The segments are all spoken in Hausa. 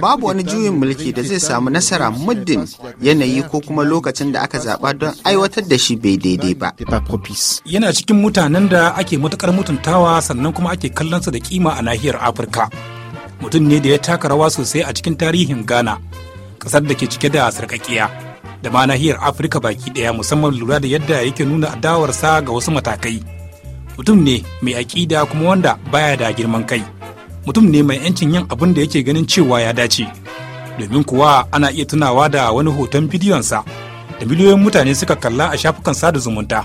Babu wani juyin mulki da zai samu nasara muddin yanayi ko kuma lokacin da aka zaɓa don aiwatar da shi bai daidai ba. Yana cikin mutanen da ake matukar mutuntawa sannan kuma ake kallon sa da kima a nahiyar Afirka. Mutum ne da ya taka rawa sosai a cikin tarihin Ghana, ƙasar da ke cike da sarƙaƙiya. Da ma nahiyar Afirka baki ɗaya musamman lura da yadda yake nuna adawarsa ga wasu matakai. Mutum ne mai aƙida kuma wanda baya da girman kai. mutum ne mai 'yancin yin abin da yake ganin cewa ya dace domin kuwa ana iya tunawa da wani hoton bidiyonsa da miliyoyin mutane suka kalla a shafukan sada zumunta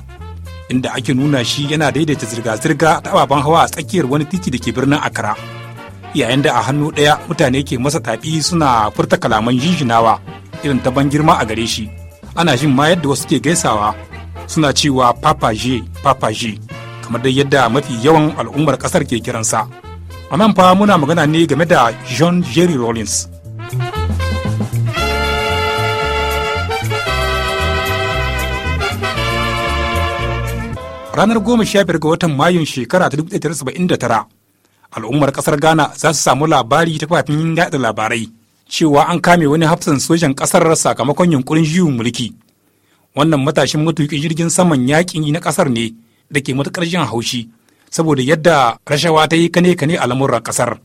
inda ake nuna shi yana daidaita zirga-zirga ta ababen hawa a tsakiyar wani titi da ke birnin akara yayin da a hannu ɗaya mutane ke masa taɓi suna furta kalaman jinjinawa irin ta ban girma a gare shi ana jin ma yadda wasu ke gaisawa suna cewa papaje papaje kamar dai yadda mafi yawan al'ummar ƙasar ke kiransa a nan fa muna magana ne game da john jerry rollins ranar goma sha biyar ga watan mayun shekara ta tara al'ummar ƙasar ghana za su samu labari ta kafin yada labarai cewa an kame wani hafsan sojan kasar sakamakon yunkurin juyin mulki wannan matashin matuƙin jirgin saman yaƙi na ƙasar ne da ke matuƙar jin haushi saboda yadda rashawa ta yi kane kane a lamuran kasar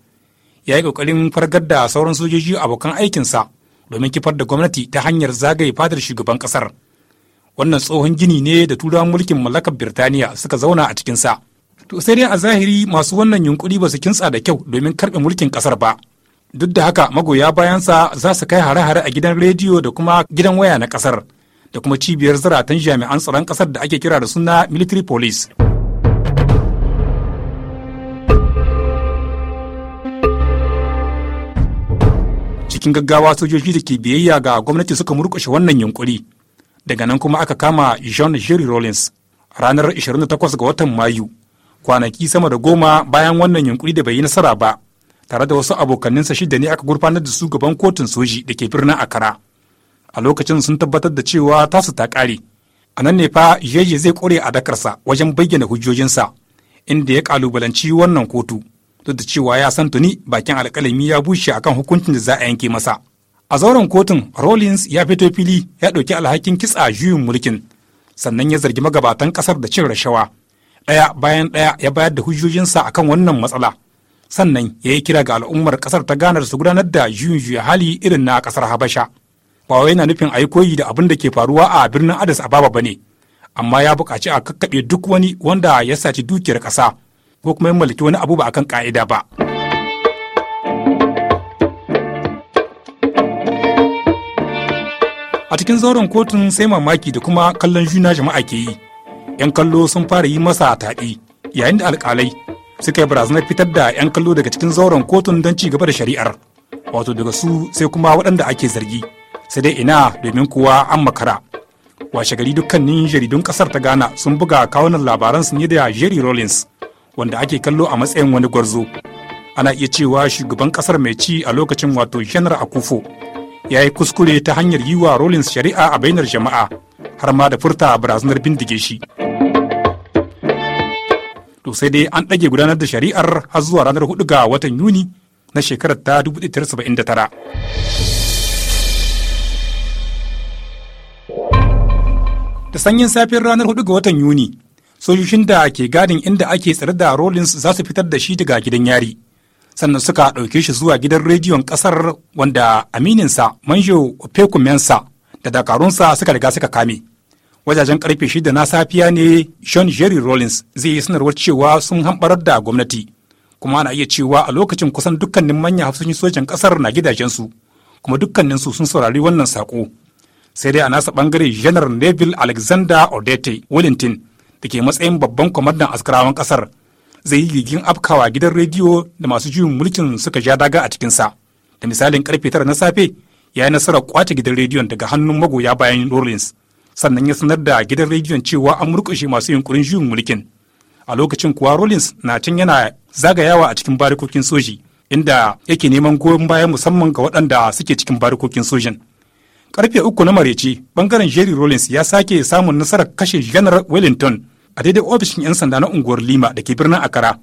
ya yi kokarin fargar da sauran sojoji abokan aikinsa domin kifar da gwamnati ta hanyar zagaye fadar shugaban kasar wannan tsohon gini ne da turawan mulkin mallakar birtaniya suka zauna a cikinsa to sai dai a zahiri masu wannan yunkuri ba su kintsa da kyau domin karbe mulkin kasar ba duk da haka magoya bayansa za su kai hare-hare a gidan rediyo da kuma gidan waya na kasar da kuma cibiyar zaratan jami'an tsaron kasar da ake kira da suna military police cikin gaggawa sojoji da ke biyayya ga gwamnati suka murkushe wannan yunkuri daga nan kuma aka kama jean jerry rollins ranar 28 ga watan mayu kwanaki sama da goma bayan wannan yunkuri da bai yi nasara ba tare da wasu abokaninsa shida ne aka gurfanar da su gaban kotun soji da ke birnin akara a lokacin sun tabbatar da cewa tasu ta ƙare a nan ne fa yeye zai kore a dakarsa wajen bayyana hujjojinsa inda ya kalubalanci wannan kotu duk da cewa ya san tuni bakin alkalami ya bushe akan hukuncin da za a yanke masa. A zauren kotun, Rawlings ya fito fili ya ɗauki alhakin kitsa juyin mulkin, sannan ya zargi magabatan ƙasar da cin rashawa. Ɗaya bayan ɗaya ya bayar da hujjojinsa akan wannan matsala. Sannan ya yi kira ga al'ummar ƙasar ta ganar su gudanar da juyin juya hali irin na ƙasar Habasha. Ba wai yana nufin a yi koyi da abin da ke faruwa a birnin Addis Ababa ba ne, amma ya buƙaci a kakkaɓe duk wani wanda ya saci dukiyar ƙasa. ko kuma ya mallaki wani abu ba akan ka'ida ba. a cikin zauren kotun sai mamaki da kuma kallon juna jama'a ke yi yan kallo sun fara yi masa taɗi yayin da alƙalai suka yi barazanar fitar da yan kallo daga cikin zauren kotun don ci gaba da shari'ar wato daga su sai kuma waɗanda ake zargi sai dai ina domin kuwa an makara washe gari dukkanin jaridun ƙasar ta ghana sun buga kawunan labaransu ne da jerry rollins wanda ake kallo a matsayin wani gwarzo ana iya cewa shugaban kasar mai ci a lokacin wato janar akufo ya yi kuskure ta hanyar yi wa rollins shari'a a bainar jama'a har ma da furta barazanar bindige shi to sai dai an ɗage gudanar da shari'ar har zuwa ranar 4 ga watan yuni na shekarar ta 1979 da sanyin safiyar ranar hudu ga watan yuni sojojin da ke gadin inda ake tsare da rollins za su fitar da shi daga gidan yari sannan suka ɗauke shi zuwa gidan rediyon ƙasar wanda amininsa manjo opekumensa da dakarunsa suka riga suka kame wajajen karfe shida na safiya ne sean jerry rollins zai yi sanarwar cewa sun hamɓarar da gwamnati kuma ana iya cewa a lokacin kusan dukkanin manya hafsoshin sojan ƙasar na gidajensu kuma dukkaninsu sun saurari wannan saƙo sai dai a nasa bangare janar neville alexander Odette wellington da ke matsayin babban kwamandan askarawan kasar zai yi gigin afkawa gidan rediyo da masu juyin mulkin suka ja daga a cikinsa da misalin karfe tara na safe ya yi nasarar kwace gidan rediyon daga hannun magoya bayan orleans sannan ya sanar da gidan rediyon cewa an murkushe masu yunkurin juyin mulkin a lokacin kuwa rollins na can yana zagayawa a cikin barikokin soji inda yake neman goyon bayan musamman ga waɗanda suke cikin barikokin sojin karfe uku na marece bangaren jerry rollins ya sake samun nasarar kashe janar wellington a daidai ofishin 'yan sanda na unguwar lima da ke birnin akara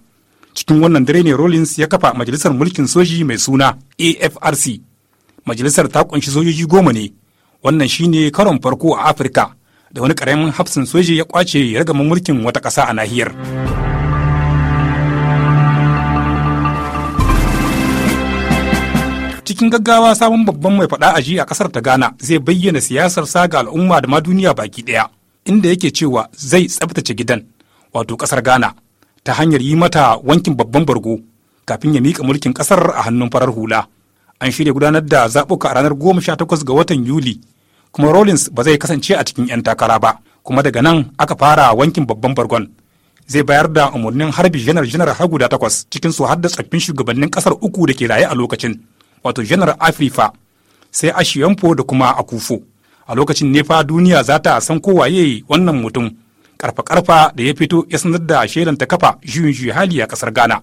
cikin wannan dare ne rollins ya kafa majalisar mulkin soji mai suna afrc majalisar ta kunshi sojoji goma ne wannan shine karon farko a afirka da wani karamin hafsin soji ya kwace ragaman mulkin wata ƙasa a nahiyar cikin gaggawa sabon babban mai faɗa aji a ƙasar ta ghana zai bayyana siyasar saga al'umma da ma duniya baki ɗaya inda yake cewa zai tsabtace gidan wato ƙasar ghana ta hanyar yi mata wankin babban bargo kafin ya miƙa mulkin ƙasar a hannun farar hula an shirya gudanar da zaɓuka a ranar goma sha takwas ga watan yuli kuma rollins ba zai kasance a cikin 'yan takara ba kuma daga nan aka fara wankin babban bargon zai bayar da umarnin harbi janar janar har guda takwas cikin su har da tsaffin shugabannin kasar uku da ke raye a lokacin wato janar afrifa sai ashiyamfo da kuma a akufo a lokacin nefa duniya za ta san ko waye wannan mutum karfa-karfa da ya fito ya sanar da shaidan ta kafa juyin juyi hali a kasar ghana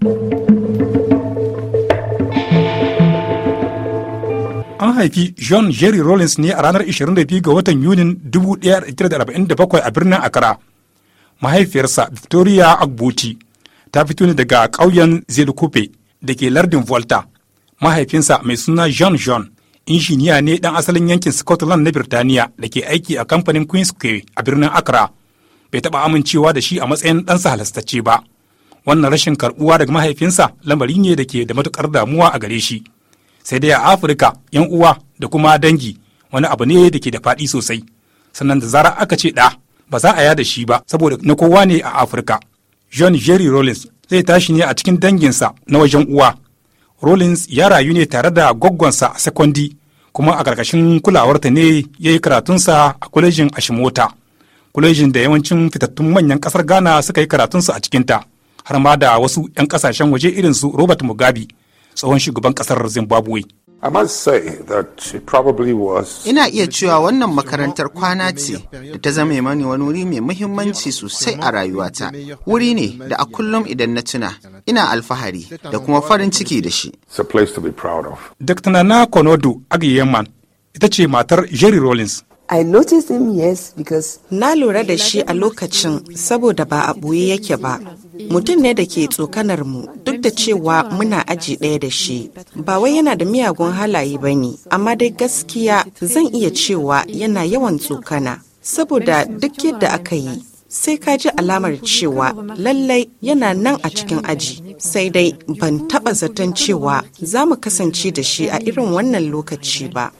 an haifi john jerry rollins ne a ranar 22 ga watan yunin 1947 a birnin accra mahaifiyarsa victoria agbuti ta fito ne daga ƙauyen zelkupe da ke lardin volta mahaifinsa mai suna john john injiniya ne dan asalin yankin Scotland na Birtaniya da ke aiki a kamfanin Queen's Quay a birnin Accra. Bai taɓa amincewa da shi a matsayin ɗansa halastacce ba. Wannan rashin karɓuwa daga mahaifinsa lamari ne da ke da matukar damuwa a gare shi. Sai dai a Afirka, 'yan uwa da kuma dangi wani abu ne da ke da faɗi sosai. Sannan da zara aka ce ɗa, ba za a yada shi ba saboda na kowa ne a Afirka. John Jerry Rollins zai tashi ne a cikin danginsa na wajen uwa rollins ya rayu ne tare da gwaggonsa a sekondi kuma a ƙarƙashin kulawarta ne ya yi karatunsa a kwalejin ashimota kwalejin da yawancin fitattun manyan ƙasar ghana suka yi karatunsu a cikinta har ma da wasu 'yan ƙasashen waje irinsu robert mugabe tsohon shugaban ƙasar zimbabwe Ina iya cewa wannan makarantar kwana ce da ta zama mani wani wuri mai muhimmanci sosai a rayuwata. Wuri ne da a kullum idan na tuna ina alfahari da kuma farin ciki da shi. Dr. Nana Konodu Agiyeman ita ce matar Jerry Rollins. I noticed him na lura da shi a lokacin saboda ba a ɓoye yake ba mutum ne da ke tsokanar mu duk da cewa muna aji ɗaya da shi ba wai yana da miyagun halaye ba ne amma dai gaskiya zan iya cewa yana yawan tsokana saboda duk yadda aka yi sai ka ji alamar cewa lallai yana nan a cikin aji sai dai ban taba zaton cewa za mu kasance da shi a irin wannan lokaci ba.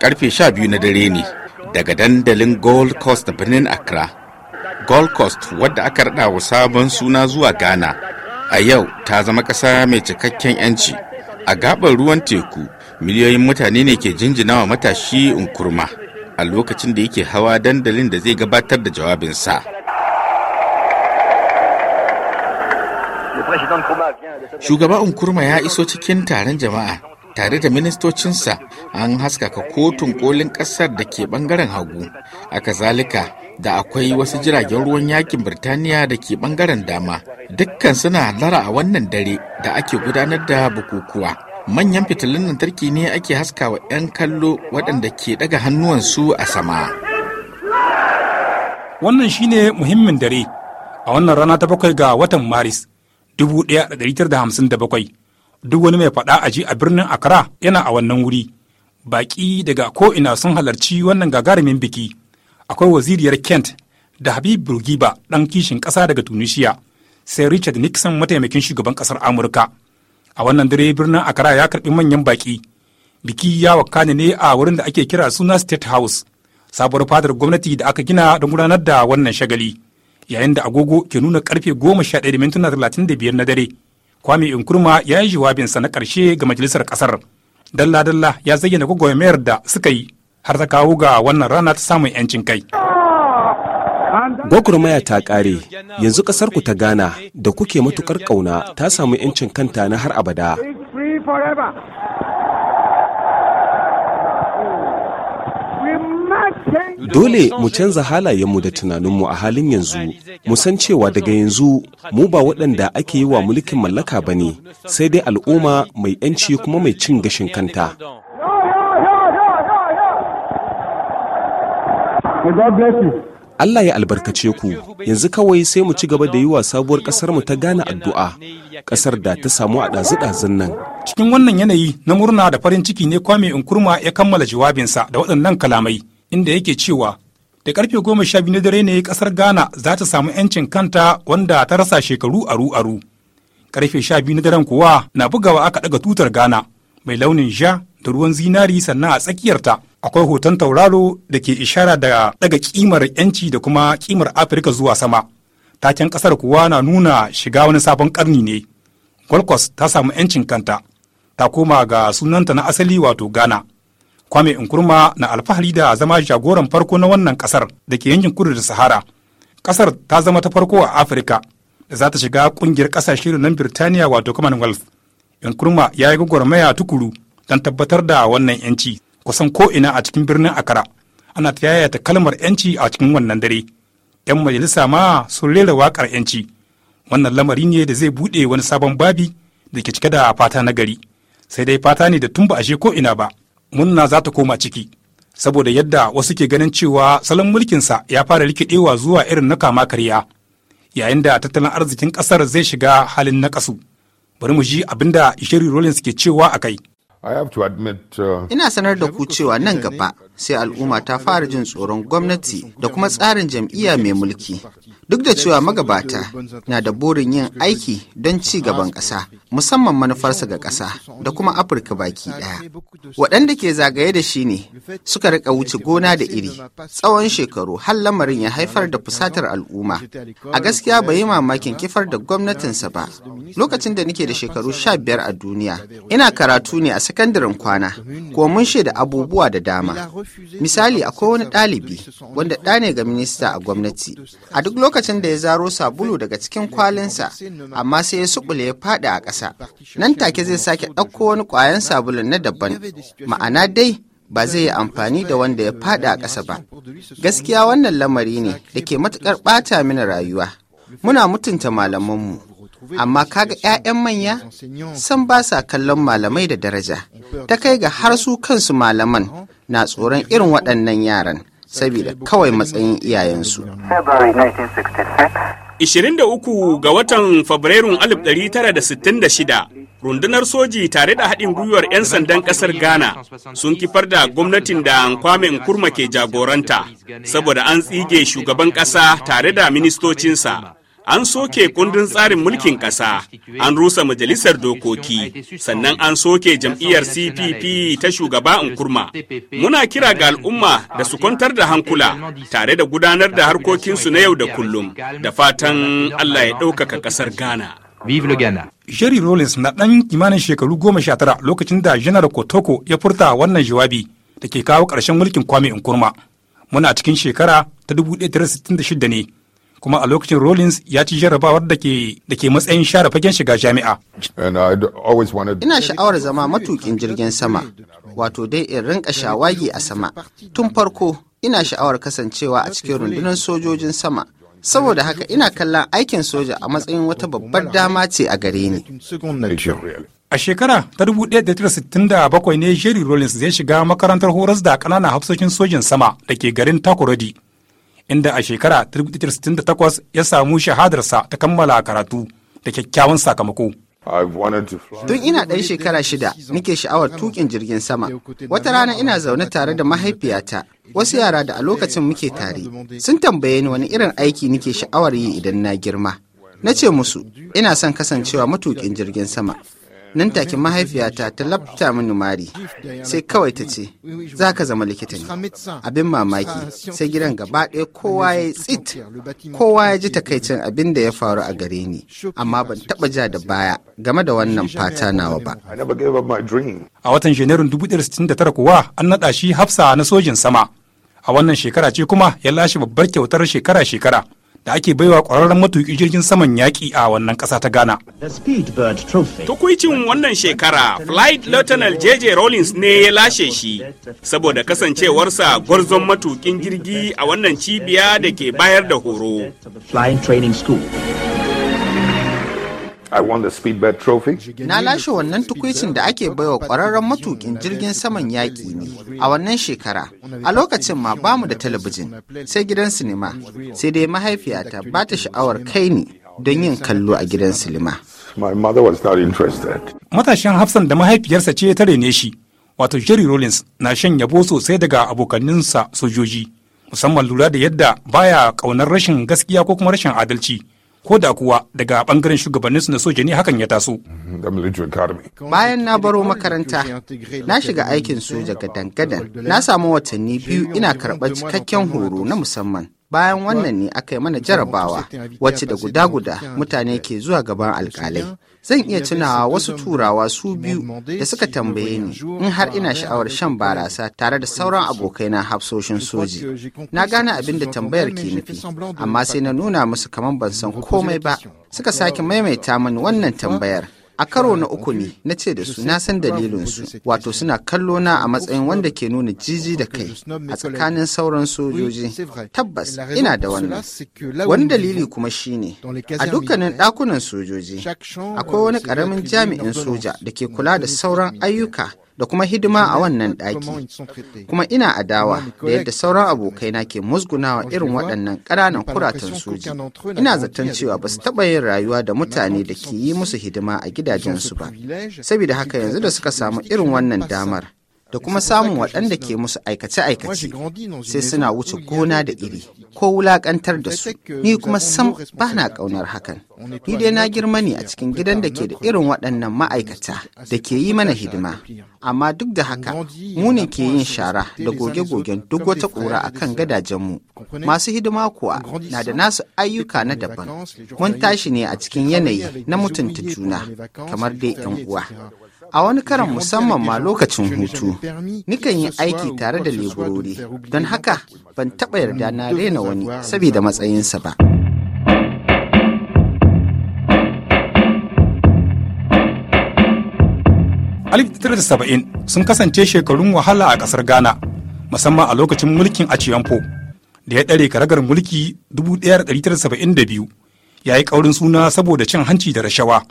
Karfe sha biyu na dare ne daga dandalin Gold Coast da birnin Accra. Gold Coast wadda aka raɗa wa sabon suna zuwa Ghana. A yau ta zama ƙasa mai cikakken 'yanci. A gaɓar ruwan teku, miliyoyin mutane ne ke jinjinawa matashi unkurma a lokacin da yake hawa dandalin da zai gabatar da jawabinsa. Shugaba Unkurma ya iso cikin taron jama'a tare da ministocinsa an haskaka kotun kolin kasar da ke bangaren hagu a Kazalika da akwai wasu jiragen ruwan yakin birtaniya da ke bangaren dama dukkan suna lara a wannan dare da ake gudanar da bukukuwa manyan fitilun lantarki ne ake haskawa 'yan kallo waɗanda ke ɗaga hannuwansu a sama wannan shine muhimmin dare a wannan rana ta bakwai ga watan maris 1957 duk wani mai faɗa aji a birnin Accra yana a wannan wuri. Baƙi daga ko'ina sun halarci wannan gagarumin biki. Akwai waziriyar Kent da Habib Burgiba ɗan kishin ƙasa daga Tunisia, sai Richard Nixon mataimakin shugaban ƙasar Amurka. A wannan dare birnin Accra ya karɓi manyan baƙi. Biki ya wakana ne a wurin da ake kira suna State House, sabuwar fadar gwamnati da aka gina don gudanar da wannan shagali. Yayin da agogo ke nuna karfe goma sha ɗaya da mintuna talatin da biyar na dare. Kwame Nkrumah ya yi jawabinsa na ƙarshe ga majalisar ƙasar. Dalla-dalla ya zayyana gwagwarmayar da suka yi har ta kawo ga wannan rana ta samun 'yancin kai. Gwagwarmaya ta ƙare, yanzu ku ta gana da kuke matuƙar ƙauna ta samu 'yancin kanta na har abada. Dole mu canza halayenmu da tunaninmu a halin yanzu, mu san cewa daga yanzu mu ba waɗanda ake yi wa mulkin mallaka ba ne, sai dai al'umma mai 'yanci kuma mai cin gashin kanta. Allah ya albarkace ku yanzu kawai sai mu ci gaba da yi wa sabuwar ƙasar mu ta gane addu'a ƙasar da ta samu a ɗazu-ɗazun nan. Cikin wannan yanayi na murna da farin ciki ne Kwame Nkrumah ya kammala jawabinsa da waɗannan kalamai. inda yake cewa da karfe goma sha biyu na dare ne kasar ghana za ta samu 'yancin kanta wanda ta rasa shekaru aru aru karfe sha biyu na daren kuwa na bugawa aka daga tutar ghana mai launin ja da ruwan zinari sannan a tsakiyarta akwai hoton tauraro da ke ishara da daga kimar 'yanci da kuma kimar afirka zuwa sama taken kasar kuwa na nuna shiga wani sabon karni ne gold ta samu 'yancin kanta ta koma ga sunanta na asali wato ghana Kwame Nkrumah na alfahari da zama jagoran farko na wannan kasar da ke yankin kudu da Sahara. Kasar ta zama ta farko a Afirka da za ta shiga kungiyar kasashe nan Birtaniya wato Commonwealth. Nkrumah ya yi gwagwarmaya tukuru don tabbatar da wannan yanci kusan ko'ina a cikin birnin Akara. Ana ta yayata kalmar yanci a cikin wannan dare. 'Yan majalisa ma sun rera waƙar yanci. Wannan lamari ne da zai buɗe wani sabon babi da ke cike da fata na gari. Sai dai fata ne da tun ba a ko ina ba. munna za ta koma ciki saboda yadda wasu ke ganin cewa salon mulkinsa ya fara rikidewa zuwa irin na kama karya yayin da tattalin arzikin kasar zai shiga halin na kasu bari mu ji abinda da ishiri rollins ke cewa a kai Uh, ina sanar da ku cewa nan gaba sai al'umma ta fara jin tsoron gwamnati da kuma tsarin jam'iyya mai mulki. Duk da cewa magabata na da burin yin aiki don ci gaban ƙasa, musamman manufarsa ga ƙasa da kuma Afirka baki ɗaya. Waɗanda ke zagaye da shi ne suka rika wuce gona da iri tsawon shekaru har lamarin ya haifar da fusatar al'umma. A gaskiya bai yi mamakin kifar da gwamnatinsa ba. Lokacin da nake da shekaru sha biyar a duniya, ina karatu ne a sakandaren kwana ko mun shaida abubuwa da dama misali akwai wani ɗalibi wanda ɗa ne ga minista a gwamnati a duk lokacin da ya zaro sabulu daga cikin kwalinsa amma sai ya subule ya faɗi a ƙasa nan take zai sake ɗauko wani ƙwayan sabulun na daban ma'ana dai ba zai yi amfani da wanda ya faɗi a ƙasa ba gaskiya wannan lamari ne da ke matuƙar ɓata mini rayuwa muna mutunta malamanmu amma kaga 'ya'yan manya san ba sa kallon malamai da daraja ta kai ga har su kansu malaman na tsoron irin waɗannan yaran saboda kawai matsayin iyayensu 23 ga watan fabrairun 1966 rundunar soji tare da haɗin gwiwar 'yan sandan ƙasar ghana sun kifar da gwamnatin da kwame Nkrumah ke jagoranta saboda an tsige shugaban ƙasa tare da ministocinsa an soke kundin tsarin mulkin ƙasa an rusa majalisar dokoki sannan an soke jam'iyyar cpp ta shugaba nkurma muna kira ga al'umma da su kwantar da hankula tare da gudanar da harkokinsu na yau da kullum da fatan allah ya ɗaukaka ƙasar ghana Jerry rollins na ɗan kimanin shekaru goma sha tara lokacin da Janar Kotoko ya furta wannan jawabi da ke kawo ƙarshen mulkin Kwame Nkrumah. Muna cikin shekara ta 1966 ne kuma a lokacin Rollins ya ci jarrabawar da ke matsayin share fagen shiga jami'a. Ina sha'awar zama matukin jirgin sama, wato dai in rinka shawagi a sama. Tun farko ina sha'awar kasancewa a cikin rundunar sojojin sama. Saboda haka ina kallon aikin soja a matsayin wata babbar dama ce a gare ni. A shekara ta 1967 ne Jerry Rollins zai shiga makarantar horas da ƙananan hafsoshin sojin sama da ke garin Takoradi. inda a shekara 1968 ya samu shahadarsa ta kammala karatu da kyakkyawan sakamako. Tun ina ɗan shekara shida nake sha'awar tukin jirgin sama. Wata rana ina zaune tare da mahaifiyata, wasu yara da a lokacin muke tare. Sun tambaye ni wani irin aiki nake sha'awar yi idan na girma. Na ce musu, ina son kasancewa matukin jirgin sama. nan take mahaifiyata ta lafta mini mari sai kawai ta ce za ka zama likita ne abin mamaki sai gidan gaba ɗaya kowa ya tsit kowa ya ji takaicin abin da ya faru a gare ni amma ban taɓa ja da baya game da wannan fata nawa ba a watan janairun 1969 kuwa an naɗa shi hafsa na sojin sama a wannan shekara ce kuma ya lashe babbar kyautar shekara-shekara da ake baiwa kwararren matuƙin jirgin saman yaƙi a wannan ƙasa ta Ghana. tukwicin wannan shekara, Flight Lieutenant JJ Rawlings ne ya lashe shi, saboda kasancewarsa gwarzon matuƙin jirgi a wannan cibiya da ke bayar da horo. I won the Na lashe wannan tukwicin da ake baiwa ƙwararren matukin jirgin saman yaƙi ne a wannan shekara. A lokacin ma bamu da talabijin, sai gidan sinima, sai dai mahaifiyata ba ta sha'awar kai ne don yin kallo a gidan sinima. My was not Matashin Hafsan da mahaifiyarsa ce ta rene shi, wato Jerry Rollins na shan yabo sosai daga abokaninsa sojoji, musamman lura da yadda baya ƙaunar rashin gaskiya ko kuma rashin adalci. ko da kuwa daga bangaren su na soja ne hakan ya taso. Bayan na baro makaranta, na shiga aikin soja ga dangadan, na samu watanni biyu ina karɓar cikakken horo na musamman. bayan wannan ne aka yi mana jarabawa wacce da guda-guda mutane ke zuwa gaban alkalai zan iya tunawa wasu turawa su biyu da suka tambaye ni in har ina sha'awar shan barasa tare da sauran abokaina hafsoshin soji na gane abin da tambayar ke nufi amma sai na nuna musu kamar ban san komai ba suka sake maimaita mani wannan tambayar a karo na uku ne na ce da su na san dalilinsu wato suna kallo na a matsayin wanda ke nuna jiji da kai a tsakanin sauran sojoji tabbas ina da wannan wani dalili kuma shine a dukkanin ɗakunan sojoji akwai wani ƙaramin jami'in soja da ke kula da sauran ayyuka da kuma hidima a wannan ɗaki kuma ina adawa da yadda sauran abokaina ke musgunawa irin waɗannan ƙananan kuratan soji ina zaton cewa ba su taɓa yin rayuwa da mutane da ke yi musu hidima a gidajensu ba saboda haka yanzu da suka samu irin wannan damar da kuma samun waɗanda ke musu aikace-aikace sai suna wuce gona da iri ko wulaƙantar da su ni kuma sam ba na ƙaunar hakan ni dai na girma ne a cikin gidan da ke da irin waɗannan ma'aikata da ke yi mana hidima amma duk da haka mu ne ke yin shara da goge-gogen duk wata ƙura a kan gadajenmu masu hidima kuwa na da nasu ayyuka na daban mun tashi ne a cikin yanayi na mutunta juna kamar dai 'yan uwa A wani karan musamman ma lokacin hutu, nikan yi aiki tare da leburori, don haka ban taɓa yarda na rena wani saboda matsayinsa ba. 1970 sun kasance shekarun wahala a ƙasar Ghana, musamman a lokacin mulkin Aciyamfo, da ya ɗare karagar mulki 1972, ya yi ƙaurin suna saboda cin hanci da rashawa.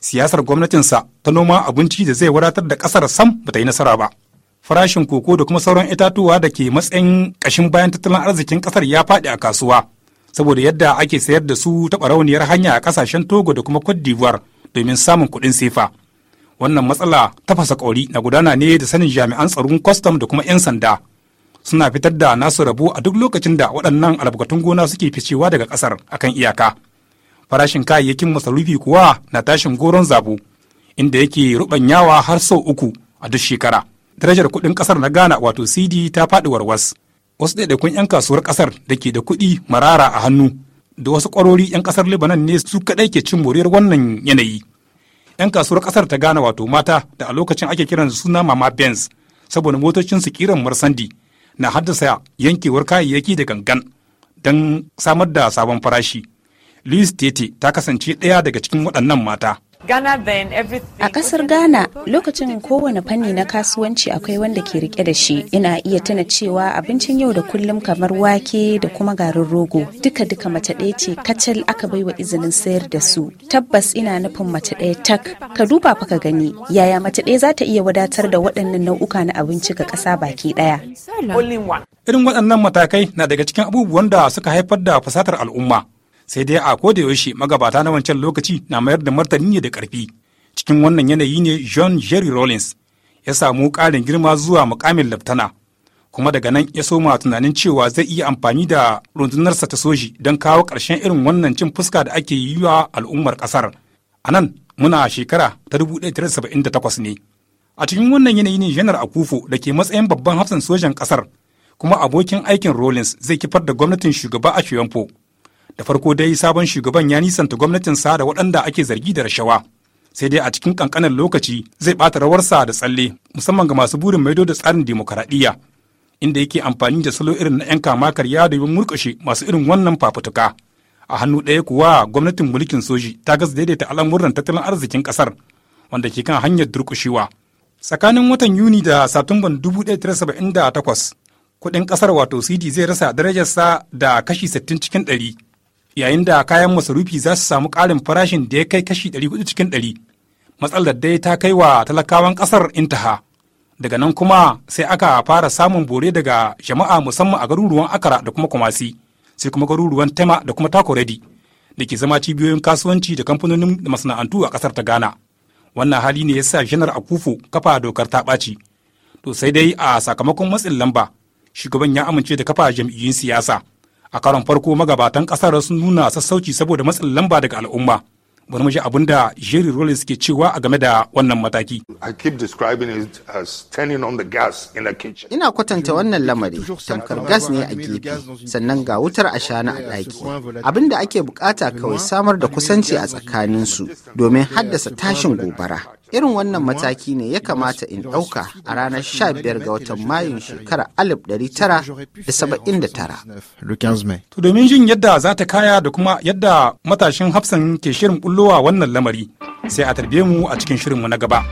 siyasar gwamnatinsa ta noma abinci da zai wadatar da kasar sam bata yi nasara ba. Farashin koko da kuma sauran itatuwa da ke matsayin ƙashin bayan tattalin arzikin ƙasar ya faɗi a kasuwa, saboda yadda ake sayar da su taɓa rauniyar hanya a ƙasashen Togo da kuma Cote d'Ivoire domin samun kuɗin sefa. Wannan matsala tafasa fasa ƙauri na gudana ne da sanin jami'an tsaron kwastam da kuma 'yan sanda suna fitar da nasu rabo a duk lokacin da waɗannan albarkatun gona suke ficewa daga ƙasar akan iyaka. farashin kayayyakin masarufi kuwa na tashin goron zabo inda yake rubanyawa har sau uku a duk shekara darajar kuɗin ƙasar na ghana wato cd ta faɗi warwas wasu ɗaiɗaikun 'yan kasuwar ƙasar da ke da kuɗi marara a hannu da wasu ƙwarori 'yan ƙasar lebanon ne su kaɗai ke cin moriyar wannan yanayi 'yan kasuwar ƙasar ta ghana wato mata da a lokacin ake kiran suna mama benz saboda motocin su kiran marsandi na haddasa yankewar kayayyaki da gangan don samar da sabon farashi Liz Tete ta kasance ɗaya daga cikin waɗannan mata. A ƙasar Ghana lokacin kowane fanni na kasuwanci akwai wanda ke rike da shi ina iya tuna cewa abincin yau da kullum kamar wake da kuma garin rogo duka duka mace ɗaya ce kacal aka baiwa izinin sayar da su tabbas ina nufin mace ɗaya tak ka duba fa ka gani yaya mace ɗaya za ta iya wadatar da waɗannan nau'uka na abinci ga ƙasa baki ɗaya. Irin waɗannan matakai na daga cikin abubuwan da suka haifar da fasatar al'umma. sai dai a koda yaushe magabata na wancan lokaci na mayar da martani ne da karfi cikin wannan yanayi ne john jerry rollins ya samu ƙarin girma zuwa mukamin laftana kuma daga nan ya soma tunanin cewa zai iya amfani da rundunarsa ta soji don kawo ƙarshen irin wannan cin fuska da ake yi wa al'ummar ƙasar a nan muna shekara ta 1978 ne a cikin wannan yanayi ne janar akufo da ke matsayin babban hafsan sojan ƙasar kuma abokin aikin rollins zai kifar da gwamnatin shugaba a da farko dai sabon shugaban ya nisanta gwamnatinsa da waɗanda ake zargi da rashawa sai dai a cikin kankanin lokaci zai ɓata rawarsa da tsalle musamman ga masu burin maido da tsarin demokaradiyya inda yake amfani da salo irin na 'yan kama karya domin murƙushe masu irin wannan fafutuka a hannu ɗaya kuwa gwamnatin mulkin soji ta gasa daidaita al'amuran tattalin arzikin ƙasar wanda ke kan hanyar durƙushewa tsakanin watan yuni da satumban 1978 kuɗin ƙasar wato cd zai rasa darajarsa da kashi 60 cikin ɗari. yayin da kayan masarufi za su samu ƙarin farashin da ya kai kashi 400 cikin 100 matsalar dai ta kai wa talakawan ƙasar intaha daga nan kuma sai aka fara samun bore daga jama'a musamman a garuruwan akara da kuma kumasi sai kuma garuruwan tema da kuma takoradi da ke zama cibiyoyin kasuwanci da kamfanonin masana'antu a ƙasar ta ghana wannan hali ne ya sa janar akufu kafa dokar ta ɓaci to sai dai a sakamakon matsin lamba shugaban ya amince da kafa jam'iyyun siyasa a karon farko magabatan kasar sun nuna sassauci saboda matsin lamba daga al'umma bari mu ji abin da jerry rollins ke cewa a game da wannan mataki. Ina kwatanta wannan lamari tamkar gas ne a gefe sannan ga wutar ashana a ɗaki. Abin da ake bukata kawai samar da kusanci a tsakanin su domin haddasa tashin gobara. Irin wannan mataki ne ya kamata in ɗauka a ranar 15 ga watan Mayun shekarar 1979. To domin jin yadda za ta kaya da kuma yadda matashin Hafsan ke shirin bullowa wannan lamari sai a tarbe mu a cikin shirinmu na gaba.